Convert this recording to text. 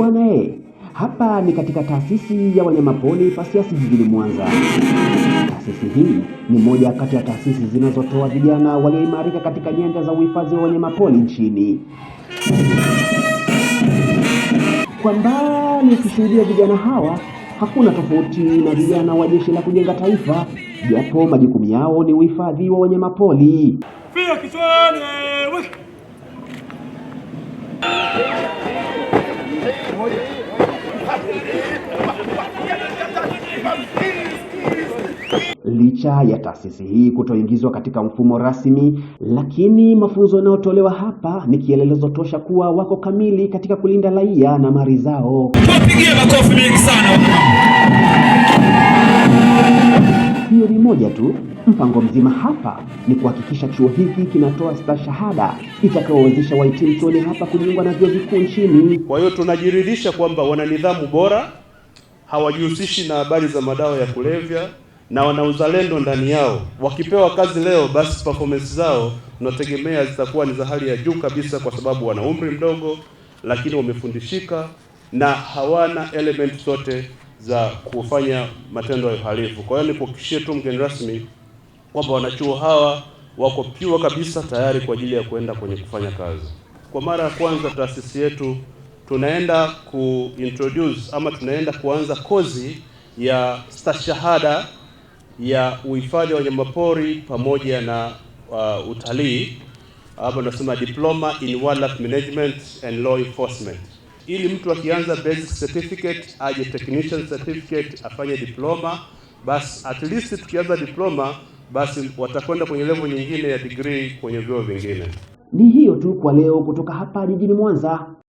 bwana eh. Hapa ni katika taasisi ya wanyamapori Pasiansi jijini Mwanza. Taasisi hii ni moja kati ya taasisi zinazotoa vijana walioimarika katika nyanja za uhifadhi wa wanyamapori nchini. Kwa mbali ukishuhudia vijana hawa hakuna tofauti na vijana wa Jeshi la Kujenga Taifa, japo majukumu yao ni uhifadhi wa wanyamapori. Fia kichwani! Licha ya taasisi hii kutoingizwa katika mfumo rasmi, lakini mafunzo yanayotolewa hapa ni kielelezo tosha kuwa wako kamili katika kulinda raia na mali zao. Tupigie makofi mengi sana. Hiyo ni moja tu. Mpango mzima hapa ni kuhakikisha chuo hiki kinatoa stashahada itakayowezesha wahitimu chuoni hapa kujiunga na vyuo vikuu nchini. Kwa hiyo tunajiridhisha kwamba wana nidhamu bora hawajihusishi na habari za madawa ya kulevya na wana uzalendo ndani yao. Wakipewa kazi leo, basi performance zao tunategemea zitakuwa ni za hali ya juu kabisa, kwa sababu wana umri mdogo, lakini wamefundishika na hawana element zote za kufanya matendo ya uhalifu. Kwa hiyo nikuhakikishie tu mgeni rasmi kwamba wanachuo hawa wako pure kabisa, tayari kwa ajili ya kuenda kwenye kufanya kazi. Kwa mara ya kwanza taasisi yetu tunaenda kuintroduce ama tunaenda kuanza kozi ya stashahada ya uhifadhi wa wanyamapori pamoja na uh, utalii hapo tunasema diploma in wildlife management and law enforcement, ili mtu akianza basic certificate aje technician certificate afanye diploma, basi at least tukianza diploma, basi watakwenda kwenye level nyingine ya degree kwenye vyuo vingine. Ni hiyo tu kwa leo kutoka hapa jijini Mwanza.